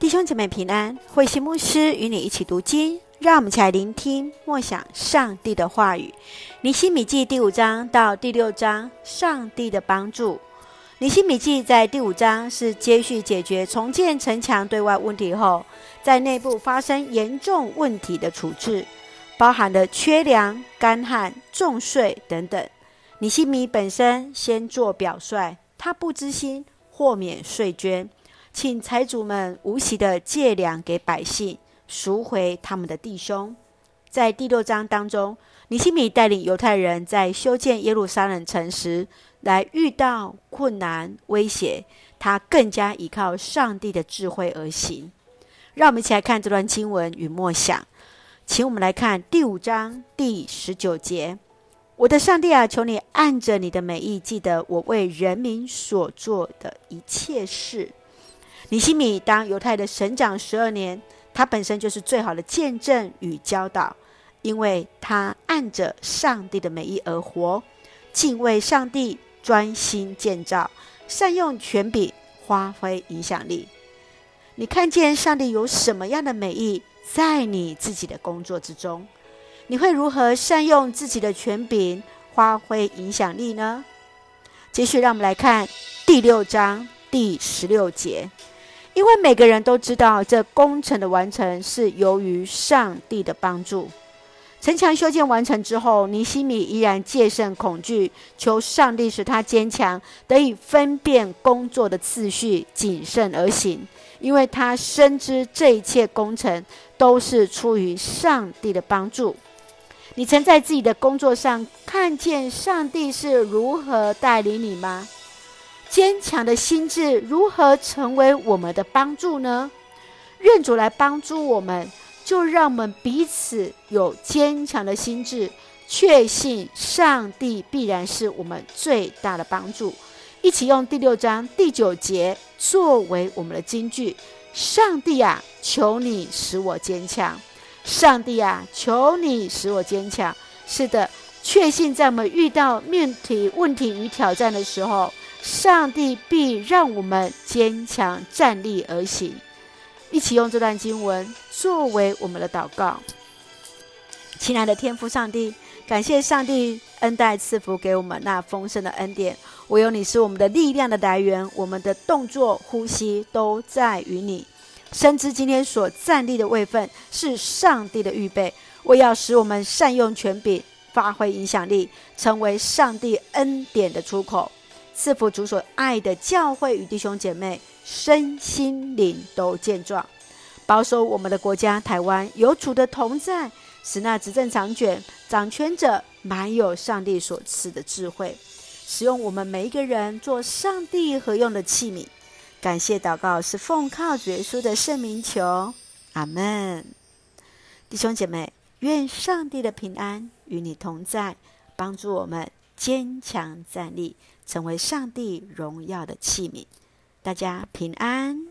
弟兄姐妹平安，慧馨牧師與你一起讀經，讓我們一起來聆聽默想上帝的話語。尼希米記第五章到第六章，上帝的幫助。尼希米記在第五章是接續解決重建城牆對外問題後，在內部發生嚴重問題的處置，包含了缺糧、乾旱、重稅等等。尼希米本身先做表率，他不支薪豁免稅捐。請財主們無息的借糧給百姓，贖回他們的弟兄。在第六章當中，尼希米帶領猶太人在修建耶路撒冷城時，來遇到困難威脅，他更加依靠上帝的智慧而行。讓我們一起來看這段經文與默想。請我們來看第五章第十九節：我的上帝啊，求你按着你的美意，記得我為人民所做的一切事。尼希米當猶太的省長十二年，他本身就是最好的見證與教導，因為他按着上帝的美意而活，敬畏上帝，專心建造，善用權柄，發揮影響力。你看見上帝有什麼樣的美意在你自己的工作之中？你會如何善用自己的權柄，發揮影響力呢？繼續，讓我們來看第六章第十六節。因為每個人都知道，這工程的完成是由於上帝的幫助。城牆修建完成之後，尼希米依然戒慎恐懼，求上帝使他堅強，得以分辨工作的次序，謹慎而行。因為他深知這一切工程都是出於上帝的幫助。你曾在自己的工作上看見上帝是如何帶領你嗎？堅強的心志如何成為我們的幫助呢？願主來幫助我們，就讓我們彼此有堅強的心志，確信上帝必然是我們最大的幫助。一起用第六章第九節作為我們的金句：“上帝啊，求你使我堅強。”上帝啊，求你使我堅強。是的，確信在我們遇到問題、問題與挑戰的時候。上帝必讓我們堅強站立而行，一起用這段經文作為我們的禱告。親愛的天父上帝，感謝上帝恩待賜福給我們那豐盛的恩典。唯有你是我們的力量的來源，我們的動作、呼吸都在於你。深知今天所站立的位份是上帝的預備，為要使我們善用權柄，發揮影響力，成為上帝恩典的出口。賜福主所愛的教會與弟兄姐妹，身心靈都健壯，保守我們的國家台灣有主的同在，使那執政長卷、掌權者滿有上帝所賜的智慧，使用我們每一個人做上帝合用的器皿。感謝禱告是奉靠主耶穌的聖名求，阿門。弟兄姐妹，願上帝的平安與你同在，幫助我們。堅強站立，成為上帝榮耀的器皿。大家平安。